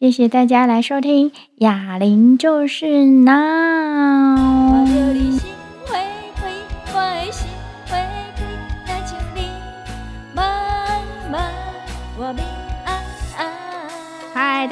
謝謝大家來收聽《雅玲就是鬧》。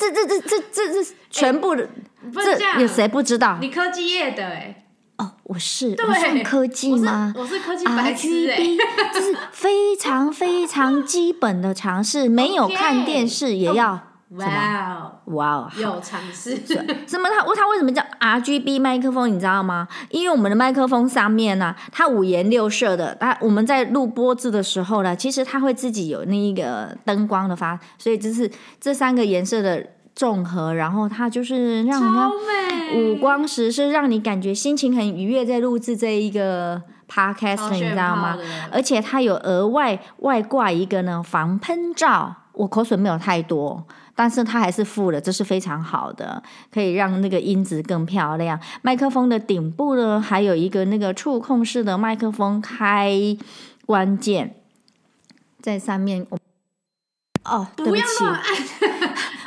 這這這這這這誒全部的，這，這有誰不知道？你科技業的哎、欸？哦，我是，對我算科技嗎我？我是科技白痴、欸、RGB, 這是非常非常基本的常識， 沒有看電視 Okay. 也要。哇哦，哇哦，wow, Wow 有嘗試， 什麼它？它它為什麼叫 RGB 麥克風？你知道嗎？因為我們的麥克風上面呢、啊，它五顏六色的。那我們在錄播製的時候呢，其實它會自己有那一個燈光的發，所以就是這三個顏色的綜合，然後它就是讓人家五光十色，美讓你感覺心情很愉悅，在錄制這一個 podcast，你知道嗎？而且它有額外外掛一個呢防噴罩，我口水沒有太多。但是它還是附的，這是非常好的，可以讓那個音質更漂亮。麥克風的頂部呢，還有一個那個觸控式的麥克風開關鍵，在上面。哦，oh, 不要 對不起，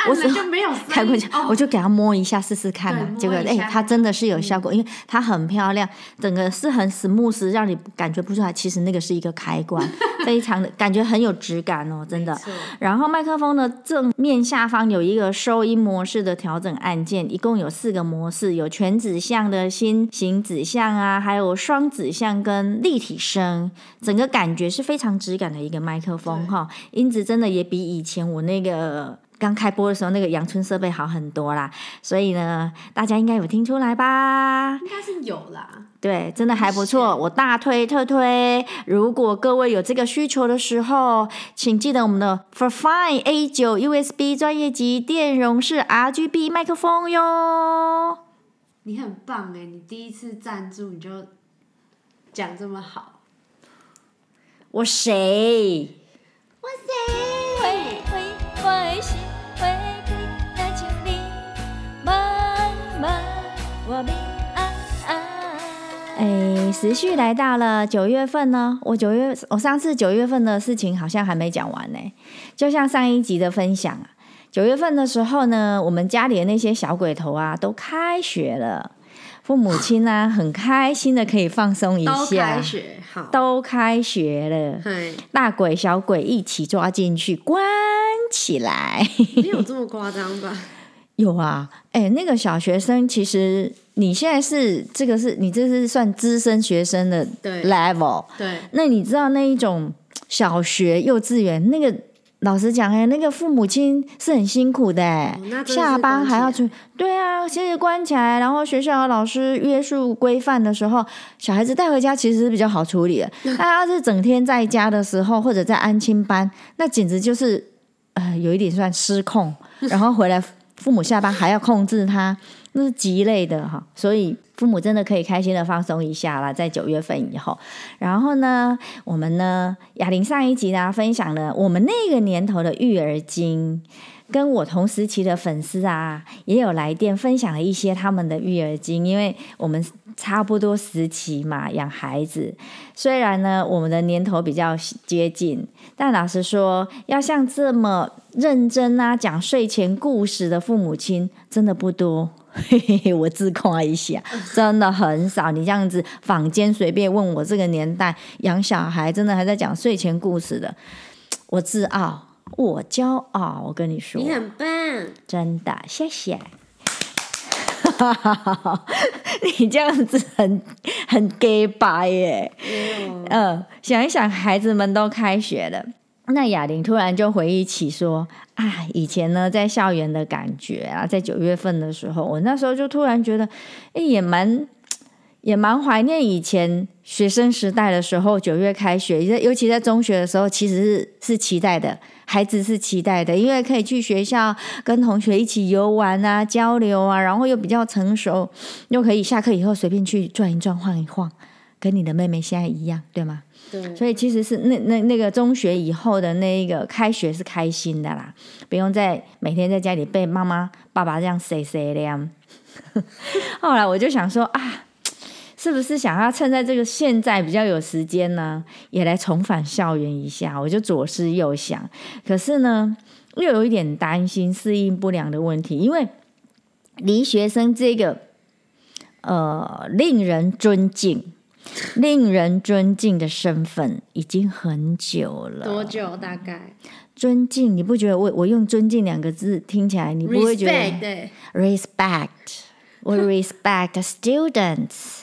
我就沒有 開過去，我就給他摸一下試試看啊。對結果哎，它真的是有效果，嗯、因為它很漂亮，整個是很 smooth，讓你感覺不出來其實那個是一個開關， 非常的感覺很有質感哦，真的。錯然後麥克風的正面下方有一個收音模式的調整按鍵，一共有四個模式，有全指向的新、心形指向啊，還有雙指向跟立體聲，整個感覺是非常質感的一個麥克風哈，對音質真的也比以前我那個剛開播的時候，那個陽春設備好很多啦，所以呢，大家應該有聽出來吧？應該是有啦。對，真的還不錯，是我大推特推。如果各位有這個需求的時候，請記得我們的 FIFINE A9 USB 專業級電容式 RGB 麥克風喲。你很棒哎、欸，你第一次贊助你就講這麼好。我誰？安安哎、欸，時序來到了九月份呢。我九月，我上次九月份的事情好像還沒講完呢。就像上一集的分享，九月份的時候呢，我們家裡的那些小鬼頭啊，都開學了。父母親呢、啊，很開心的可以放鬆一下，都開學，都開學了，嘿大鬼小鬼一起抓進去關起來， 沒有這麼誇張吧？有啊，哎、欸，那個小學生其實，你現在是這個是你這是算資深學生的 level，對，對那你知道那一種小學幼稚園那個。老實講，哎，那個父母親是很辛苦的，嗯啊、下班還要去。對啊，其實關起來，然後學校老師約束規範的時候，小孩子帶回家其實是比較好處理的。 但他要是整天在家的時候，或者在安親班，那簡直就是呃有一點算失控，然後回來。父母下班還要控制他，那是極累的哈。所以父母真的可以開心的放鬆一下啦，在九月份以後。然後呢，我們呢，雅玲上一集呢，分享了我們那個年頭的育兒經。跟我同時期的粉絲啊，也有來電分享了一些他們的育兒經，因為我們差不多時期嘛，養孩子。雖然呢，我們的年頭比較接近，但老實說，要像這麼認真啊講睡前故事的父母親，真的不多。 我自誇一下，真的很少。你這樣子坊間隨便問我，這個年代養小孩真的還在講睡前故事的，我自傲。我驕傲，我跟你說，你很棒，真的，謝謝。 你這樣子很很 give back 耶。哦、嗯，想一想，孩子們都開學了，那雅玲突然就回憶起說，啊，以前呢在校園的感覺啊，在九月份的時候，我那時候就突然覺得，誒，也蠻，也蠻懷念以前學生時代的時候，九月開學，尤其在中學的時候，其實是，是期待的，孩子是期待的，因為可以去學校跟同學一起遊玩啊，交流啊，然後又比較成熟，又可以下課以後隨便去轉一轉，晃一晃，跟你的妹妹現在一樣，對嗎？對。所以其實是那那那個中學以後的那一個開學是開心的啦，不用再每天在家裡被媽媽爸爸這樣碎碎的樣。後來我就想說啊。是不是想要趁在這個現在比較有時間呢，也來重返校園一下？我就左思右想，可是呢，又有一點擔心適應不良的問題，因為離學生這個呃令人尊敬、令人尊敬的身份已經很久了。多久？大概？尊敬，你不覺得我我用尊敬兩個字聽起來，你不會覺得 respect, 對？Respect，我 respect the students。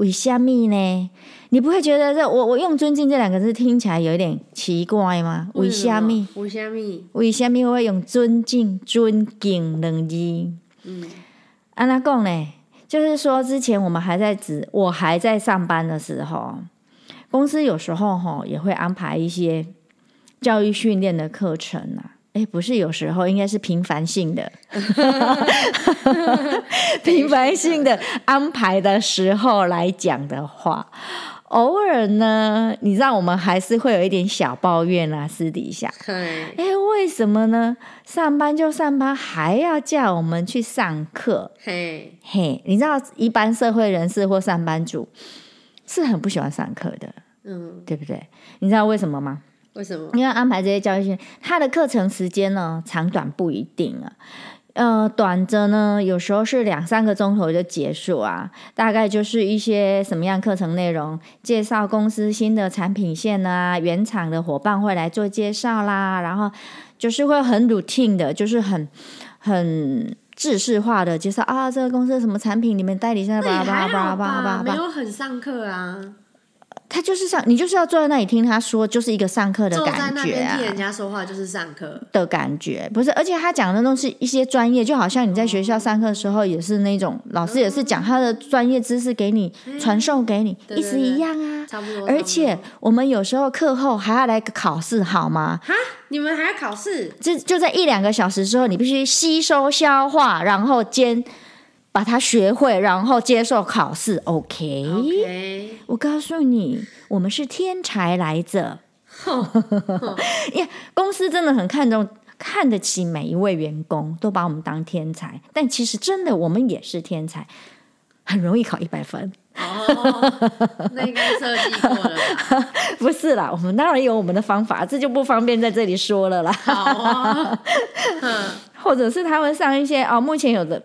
為蝦米呢？你不會覺得這我我用尊敬這兩個字聽起來有點奇怪嗎？為蝦米？為蝦米？為蝦米我會用尊敬？尊敬兩字？嗯，按拉講呢，就是說之前我們還在職，我還在上班的時候，公司有時候哈也會安排一些教育訓練的課程啊。哎，不是，有時候應該是頻繁性的，頻 繁性的 的安排的時候來講的話，偶爾呢，你知道我們還是會有一點小抱怨，啊，私底下。對嘿。哎，為什麼呢？上班就上班，還要叫我們去上課。嘿。嘿，你知道一般社會人士或上班族是很不喜歡上課的，嗯，對不對？你知道為什麼嗎？為什麼？因為安排這些教育訓，它的課程時間呢，長短不一定啊。呃，短着呢，有時候是兩三個鐘頭就結束啊。大概就是一些什麼樣課程內容，介紹公司新的產品線啊，原廠的夥伴會來做介紹啦。然後就是會很 routine 的，就是很很制式化的介紹啊。這個公司什麼產品，你們代理現在吧吧吧吧吧，吧吧沒有很上課啊。他就是上，你就是要坐在那裡聽他說，就是一個上課的感覺啊。坐在那邊聽人家說話就是上課的感覺，不是？而且他講的都是一些專業，就好像你在學校上課的時候也是那種，嗯、老師也是講他的專業知識給你傳授、嗯、給你，意思、欸、一,一樣啊。差不多。而且我們有時候課後還要來個考試，好嗎？哈，你們還要考試？就就在一兩個小時之後，你必須吸收消化，然後兼。把它學會，然後接受考試。OK，, okay. 我告訴你，我們是天才來着。 公司真的很看重、看得起每一位員工，都把我們當天才。但其實真的，我們也是天才，很容易考一百分。哦 ，oh, 那個該設計過了。 不是啦，我們當然有我們的方法，這就不方便在這裡說了啦。 好、啊、 或者是他們上一些啊、哦，目前有的。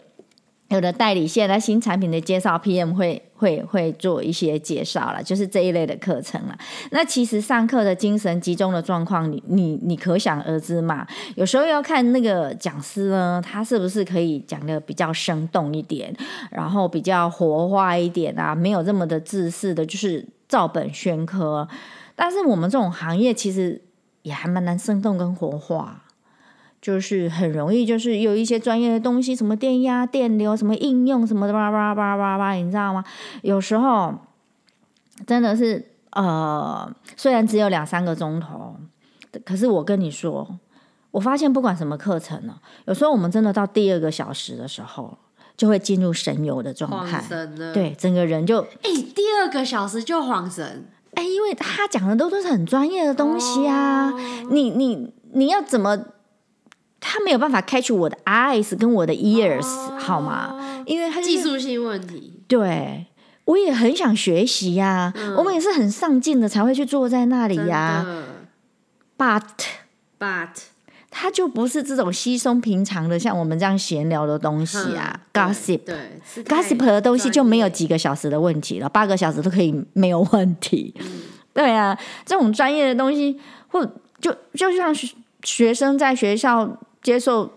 有的代理現在新產品的介紹，PM 會會會做一些介紹了，就是這一類的課程了。那其實上課的精神集中的狀況，你你你可想而知嘛。有時候要看那個講師呢，他是不是可以講得比較生動一點，然後比較活化一點啊，沒有這麼的自私的，就是照本宣科。但是我們這種行業其實也還蠻難生動跟活化。就是很容易，就是有一些專業的東西，什麼電壓、電流，什麼應用什麼的吧吧吧吧吧，你知道嗎？有時候真的是，呃，雖然只有兩三個鐘頭，可是我跟你說，我發現不管什麼課程呢、啊，有時候我們真的到第二個小時的時候，就會進入神遊的狀態，對，整個人就誒，第二個小時就恍神。哎，因為他講的都都是很專業的東西啊，哦、你你你要怎麼？他沒有辦法 catch 我的 eyes 跟我的 ears、Oh, 好嗎？因為他、就是、技術性問題。對，我也很想學習呀、啊。嗯、我們也是很上進的，才會去坐在那裡呀。But but，他就不是這種稀鬆平常的，像我們這樣閒聊的東西啊呵，gossip。對，gossip 的東西就沒有幾個小時的問題了，八個小時都可以沒有問題。嗯、對啊，這種專業的東西，或就就像學生在學校。接受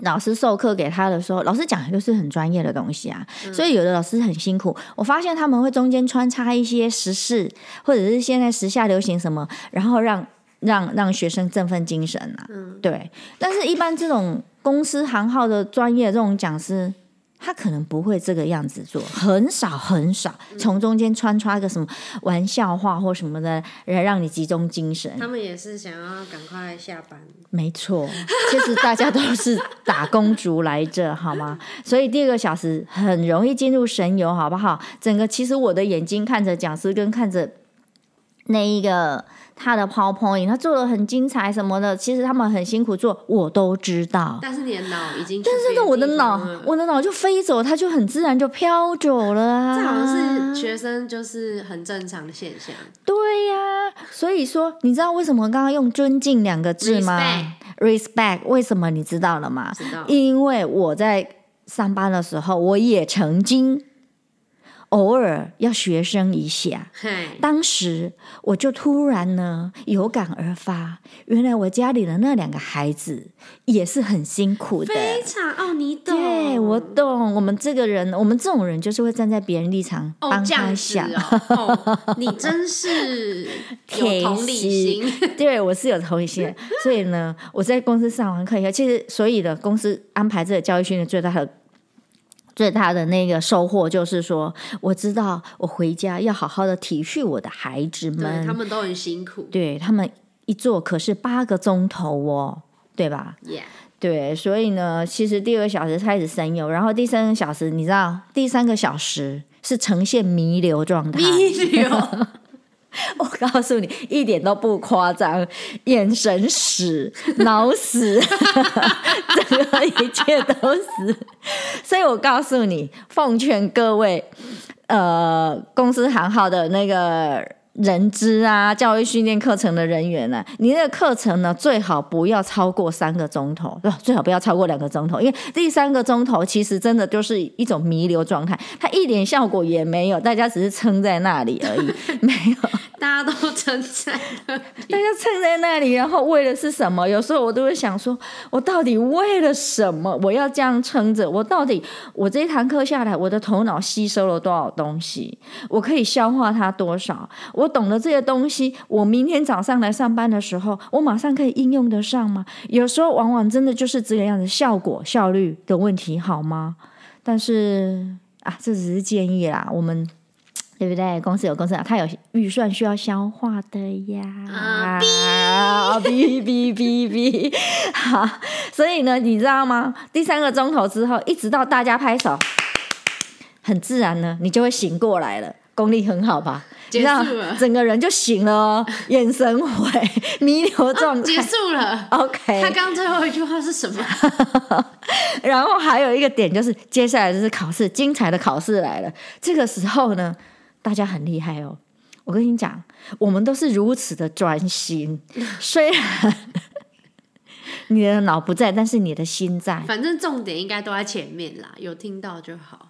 老師授課給他的時候，老師講的都是很專業的東西啊，嗯、所以有的老師很辛苦。我發現他們會中間穿插一些時事，或者是現在時下流行什麼，然後讓讓讓學生振奮精神啊。嗯、對。但是，一般這種公司行號的專業這種講師。他可能不會這個樣子做，很少很少，嗯、從中間穿插個什麼玩笑話或什麼的，來讓你集中精神。他們也是想要趕快下班。沒錯， 其實大家都是打工族來着，好嗎？所以第二個小時很容易進入神遊，好不好？整個其實我的眼睛看着講師，跟看着。那一個他的 PowerPoint，他做的很精彩什麼的，其實他們很辛苦做，我都知道。但是你的腦已經……但是我的腦，我的腦就飛走，它就很自然就飄走了啊。這好像是學生就是很正常的現象。對呀、啊，所以說，你知道為什麼剛剛用尊敬兩個字嗎？Respect，Respect，為什麼你知道了嗎？了。因為我在上班的時候，我也曾經。偶爾要學生一下，嘿當時我就突然呢有感而發，原來我家裡的那兩個孩子也是很辛苦的，非常、哦、你懂？對，我懂。我們這個人，我們這種人就是會站在別人立場幫、哦、他想、哦哦。你真是有同理心， 心對我是有同理心。對 所以呢，我在公司上完課以後，其實所以的公司安排這個教育訓練最大的。最大的那個收穫就是說，我知道我回家要好好的體恤我的孩子們，他們都很辛苦。對他們一坐可是八個鐘頭哦，對吧？Yeah. 對，所以呢，其實第二個小時開始神遊，然後第三個小時，你知道，第三個小時是呈現彌留狀態。 我告訴你，一點都不誇張，眼神死，腦死， 整個一切都死。所以我告訴你，奉勸各位，呃，公司行號的那個。人資啊，教育訓練課程的人員呢、啊？你那個課程呢，最好不要超過三個鐘頭，最好不要超過兩個鐘頭，因為第三個鐘頭其實真的就是一種彌留狀態，它一點效果也沒有，大家只是撐在那裡而已，對沒有，大家都撐在那裡，大家撐在那裡，然後為了是什麼？有時候我都會想說，我到底為了什麼，我要這樣撐着？我到底我這一堂課下來，我的頭腦吸收了多少東西？我可以消化它多少？我我懂得這些東西，我明天早上來上班的時候，我馬上可以應用得上嗎？有時候往往真的就是這樣的效果、效率的問題，好嗎？但是啊，這只是建議啦，我們，對不對？公司有公司，它有預算需要消化的呀。啊！嗶嗶嗶嗶，好，所以呢，你知道嗎？第三個鐘頭之後，一直到大家拍手，很自然呢，你就會醒過來了。功力很好吧？結束了，整個人就醒了哦，眼神回彌留狀態。態、啊。結束了，OK。他剛最後一句話是什麼？ 然後還有一個點就是，接下來就是考試，精彩的考試來了。這個時候呢，大家很厲害哦，我跟你講，我們都是如此的專心，雖然。 你的腦不在，但是你的心在。反正重點應該都在前面啦，有聽到就好。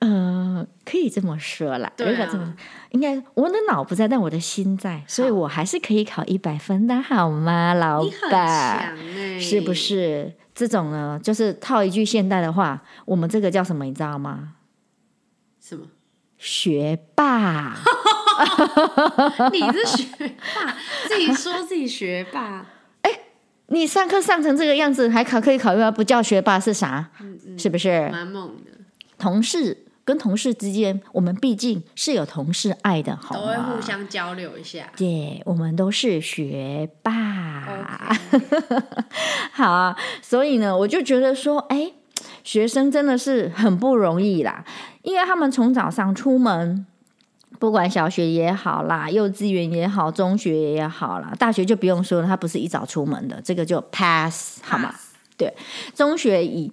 嗯、呃，可以這麼說啦。對啊，應該我的腦不在，但我的心在，好所以我還是可以考一百分的好嗎，老板。你很強欸，是不是？這種呢，就是套一句現代的話，我們這個叫什麼，你知道嗎？什麼？學霸。 你是學霸，自己說自己學霸。你上課上成這個樣子，還考可以考慮不叫學霸是啥？嗯嗯、是不是？蠻猛的。同事跟同事之間，我們畢竟是有同事愛的，好嗎？都會互相交流一下。對，我們都是學霸。Okay. 好啊，所以呢，我就覺得說，哎、欸，學生真的是很不容易啦，因為他們從早上出門。不管小學也好啦，幼稚園也好，中學也好啦，大學就不用說了。他不是一早出門的，這個就 pass, pass 好嗎？對，中學以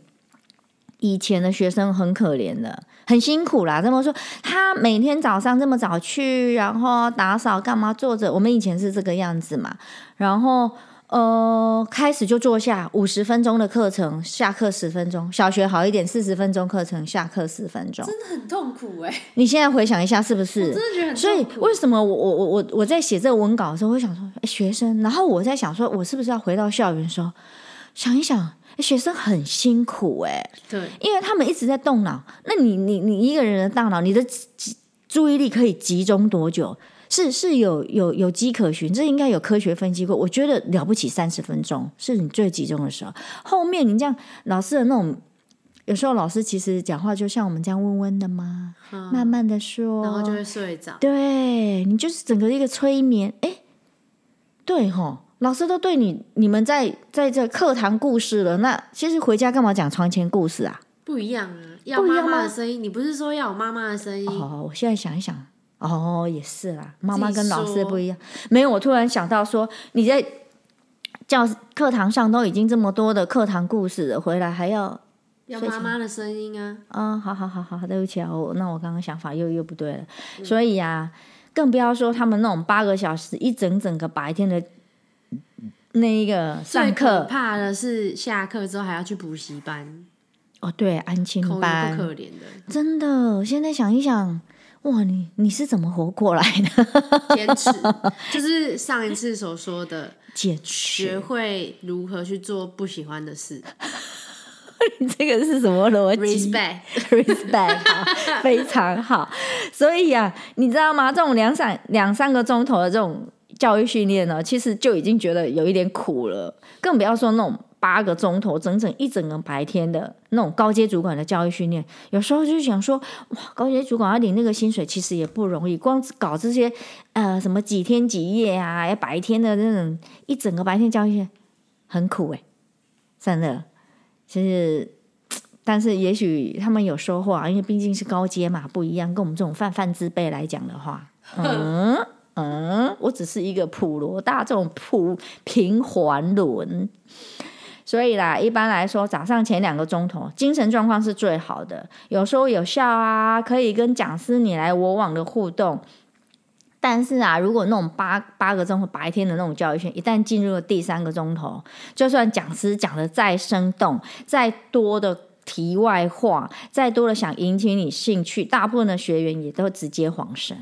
以前的學生很可憐的，很辛苦啦。這麼說，他每天早上這麼早去，然後打掃幹嘛？坐着，我們以前是這個樣子嘛，然後。呃，開始就坐下五十分鐘的課程，下課十分鐘。小學好一點，四十分鐘課程，下課十分鐘。真的很痛苦哎、欸！你現在回想一下，是不是？所以為什麼我我我我在寫這個文稿的時候，我想說、欸、學生，然後我在想說，我是不是要回到校園說，想一想、欸，學生很辛苦哎、欸，對，因為他們一直在動腦。那你你你一個人的大腦，你的注意力可以集中多久？是是有有有跡可循，這應該有科學分析過。我覺得了不起，三十分鐘是你最集中的時候。後面你這樣老師的那種，有時候老師其實講話就像我們這樣溫溫的嘛，嗯、慢慢的說，然後就會睡着。對，你就是整個一個催眠。哎，對吼，老師都對你，你們在在這課堂故事了。那其實回家幹嘛講床前故事啊？不一樣啊，要媽媽的聲音。不你不是說要我媽媽的聲音？好，oh, 我現在想一想。哦，也是啦。媽媽跟老師不一樣。沒有，我突然想到說，你在教課堂上都已經這麼多的課堂故事了，回來還要要媽媽的聲音啊。啊、哦，好好好好，對不起啊，那我剛剛想法又又不對了。嗯、所以呀、啊，更不要說他們那種八個小時一整整個白天的那一個上課，怕的是下課之後還要去補習班。哦，對，安親班可憐的，真的。現在想一想。哇，你你是怎麼活過來的？堅持就是上一次所說的，堅持。學會如何去做不喜歡的事。你這個是什麼邏輯？respect，respect，好，非常好。所以啊，你知道嗎？這種兩三兩三個鐘頭的這種教育訓練呢，其實就已經覺得有一點苦了，更不要說那種。八個鐘頭，整整一整個白天的那種高階主管的教育訓練，有時候就想說，哇，高階主管要領那個薪水其實也不容易，光搞這些，呃，什麼幾天幾夜啊，要白天的那種一整個白天教育訓，很苦哎，欸，真的，其實，但是也許他們有收穫，因為畢竟是高階嘛，不一樣，跟我們這種泛泛之輩來講的話，嗯嗯，我只是一個普羅大眾，普平凡人。所以啦，一般來說，早上前兩個鐘頭精神狀況是最好的，有說有笑啊，可以跟講師你來我往的互動。但是啊，如果那種八八個鐘頭白天的那種教育圈，一旦進入了第三個鐘頭，就算講師講的再生動、再多的題外話、再多的想引起你興趣，大部分的學員也都直接恍神，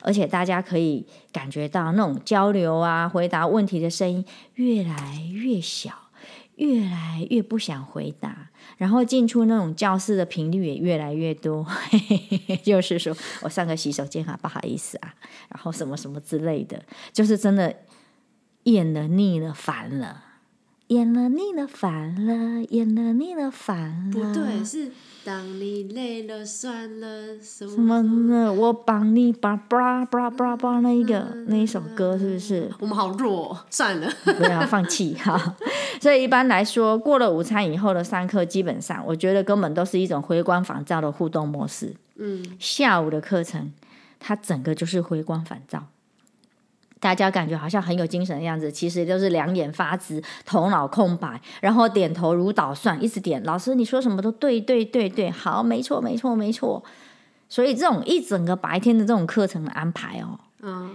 而且大家可以感覺到那種交流啊、回答問題的聲音越來越小。越來越不想回答，然後進出那種教室的頻率也越來越多，嘿嘿嘿，就是說我上個洗手間啊，不好意思啊，然後什麼什麼之類的，就是真的厭了、膩了、煩了。厭了，了，了，膩了，了，了，煩了，厭了，膩了，煩了。不對，是當你累了，算了。什麼呢？呢我幫你把布拉布拉那一個、嗯嗯、那一首歌是不是？我們好弱、哦，算了， 不要放棄哈。所以一般來說，過了午餐以後的上課，基本上我覺得根本都是一種回光返照的互動模式。嗯，下午的課程，它整個就是回光返照。大家感覺好像很有精神的樣子，其實都是兩眼發直、頭腦空白，然後點頭如搗蒜，一直點。老師你說什麼都對，對，對，對，好，沒錯，沒錯，沒錯。所以這種一整個白天的這種課程安排哦，嗯，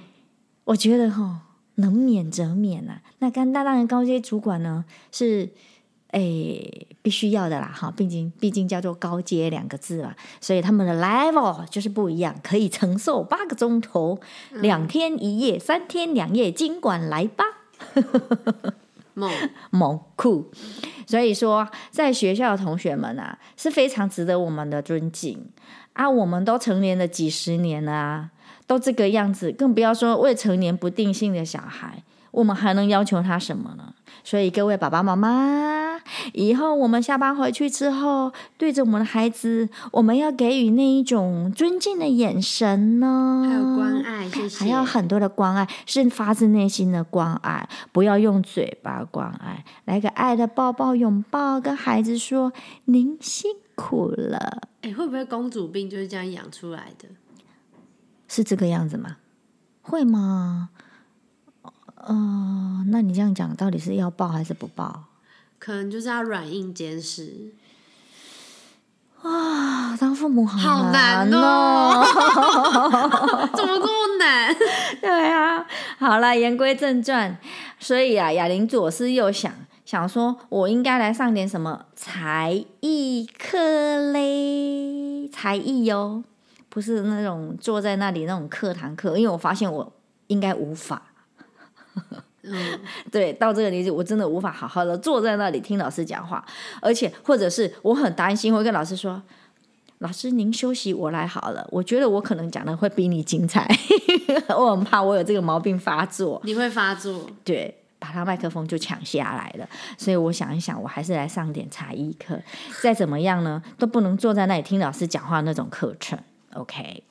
我覺得哈、哦，能免則免啊。那甘大當的高階主管呢是。哎，必須要的啦，哈，畢竟畢竟叫做高階兩個字嘛，所以他們的 level 就是不一樣，可以承受八個鐘頭、嗯、兩天一夜、三天兩夜，儘管來吧，某 猛，猛酷。所以說，在學校的同學們啊，是非常值得我們的尊敬啊。我們都成年了幾十年了、啊，都這個樣子，更不要說未成年、不定性的小孩，我們還能要求他什麼呢？所以，各位爸爸媽媽。以後我們下班回去之後，對着我們的孩子，我們要給予那一種尊敬的眼神呢？還有關愛，謝謝。還要很多的關愛，是發自內心的關愛，不要用嘴巴關愛，來個愛的抱抱、擁抱，跟孩子說：“您辛苦了。”哎，會不會公主病就是這樣養出來的？是這個樣子嗎？會嗎？哦、呃，那你這樣講，到底是要抱還是不抱？可能就是要軟硬兼施，哇、啊，當父母好難哦，難哦 怎麼這麼難？對啊，好了，言歸正傳，所以啊，雅玲左思右想，想說我應該來上點什麼才藝課嘞？才藝哦，不是那種坐在那裡那種課堂課，因為我發現我應該無法。嗯，對，到這個年紀我真的無法好好的坐在那裡聽老師講話，而且或者是我很擔心，會跟老師說：“老師您休息，我來好了。”我覺得我可能講的會比你精彩， 我很怕我有這個毛病發作。你會發作？對，把他麥克風就搶下來了。所以我想一想，我還是來上點才藝課，再怎麼樣呢，都不能坐在那裡聽老師講話的那種課程。OK，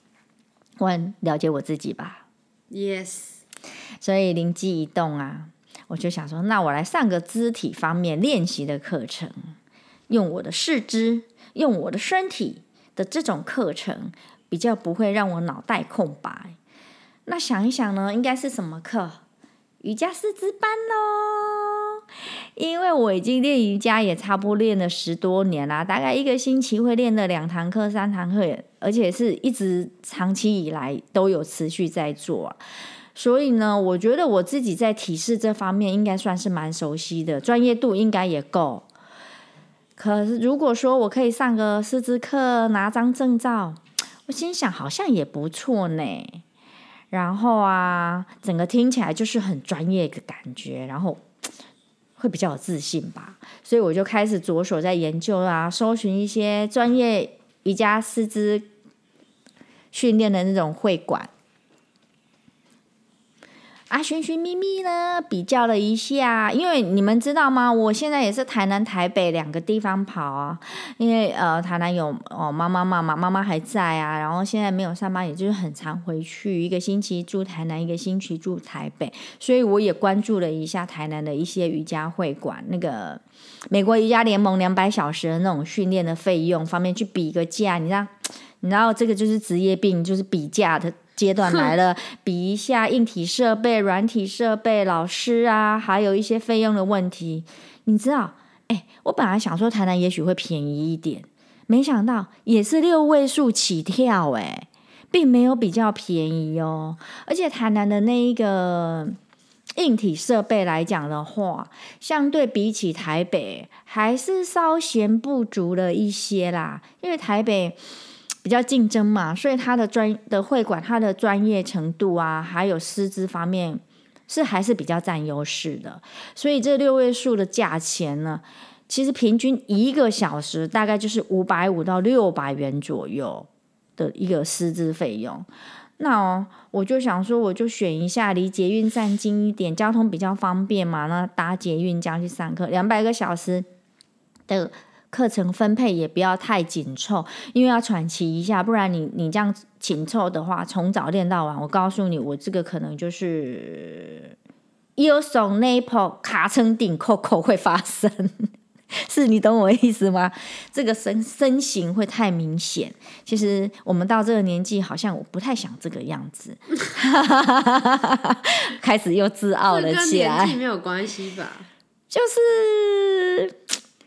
我很了解我自己吧？Yes。所以靈機一動啊，我就想說，那我來上個肢體方面練習的課程，用我的四肢，用我的身體的這種課程，比較不會讓我腦袋空白。那想一想呢，應該是什麼課？瑜伽師資班咯。因為我已經練瑜伽也差不多練了十多年啦，啊，大概一個星期會練了兩堂課，三堂課，而且是一直長期以來都有持續在做，啊。所以呢，我覺得我自己在體式這方面應該算是蠻熟悉的，專業度應該也夠。可是如果說我可以上個師資課拿張證照，我心想好像也不錯呢。然後啊，整個聽起來就是很專業的感覺，然後會比較有自信吧。所以我就開始着手在研究啊，搜尋一些專業瑜伽師資訓練的那種會館。啊，尋尋覓覓呢，比較了一下，因為你們知道嗎？我現在也是台南、台北兩個地方跑啊，因為呃，台南有哦媽媽、媽媽、媽媽還在啊，然後現在沒有上班，也就是很常回去，一個星期住台南，一個星期住台北，所以我也關注了一下台南的一些瑜伽會館，那個美國瑜伽聯盟兩百小時的那種訓練的費用方面去比一個價，你知道，你知道這個就是職業病，就是比價的。階段來了，哼比一下硬體設備、軟體設備、老師啊，還有一些費用的問題。你知道，誒、欸、我本來想說台南也許會便宜一點，沒想到也是六位數起跳、欸，誒並沒有比較便宜哦。而且台南的那一個硬體設備來講的話，相對比起台北還是稍嫌不足了一些啦，因為台北，比較競爭嘛，所以他的專的會館，他的專業程度啊，還有師資方面是還是比較佔優勢的。所以這六位數的價錢呢，其實平均一個小時大概就是五百五到六百元左右的一個師資費用。那哦，我就想說，我就選一下離捷運站近一點，交通比較方便嘛，那搭捷運這樣去上課，兩百個小時的。課程分配也不要太緊湊，因為要喘氣一下，不然你你這樣緊湊的話，從早練到晚，我告訴你，我這個可能就是腰痠、l e 卡成頂、扣扣會發生，是你懂我意思嗎？這個身身形會太明顯。其實我們到這個年紀，好像我不太想這個樣子， 開始又自傲了起來。年紀沒有關係吧？就是。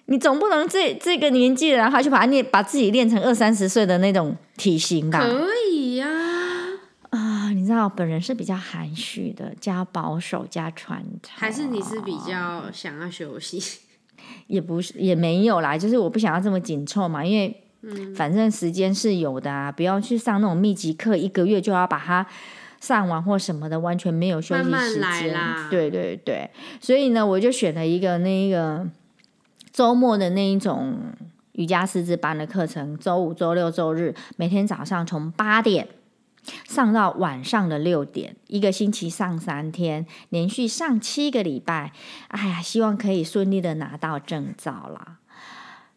你總不能這這個年紀了然後還去把你把自己練成二三十歲的那種體型吧？可以呀、啊，啊、呃，你知道本人是比較含蓄的，加保守加傳統。還是你是比較想要休息？也不是，也沒有啦，就是我不想要這麼緊湊嘛，因為、嗯、反正時間是有的啊，不要去上那種密集課，一個月就要把它上完或什麼的，完全沒有休息時間。慢慢來。對對對，所以呢，我就選了一個那一個。週末的那一種瑜伽師資班的課程，週五、週六、週日每天早上從八點上到晚上的六點，一個星期上三天，連續上七個禮拜，哎呀，希望可以順利的拿到證照啦。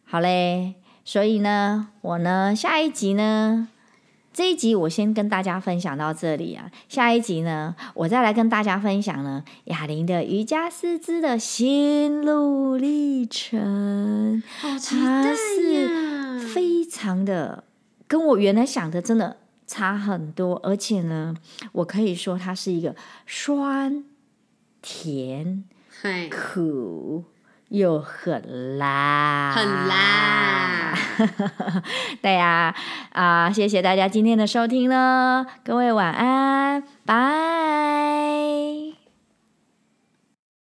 好嘞，所以呢，我呢，下一集呢。這一集我先跟大家分享到這裡啊，下一集呢，我再來跟大家分享呢雅玲的瑜伽師資的心路歷程，好期待呀！它是非常的跟我原來想的真的差很多，而且呢，我可以說它是一個酸甜、苦。又很啦，很啦辣！ 對呀、啊，啊、呃，謝謝大家今天的收聽咯，各位晚安，拜拜。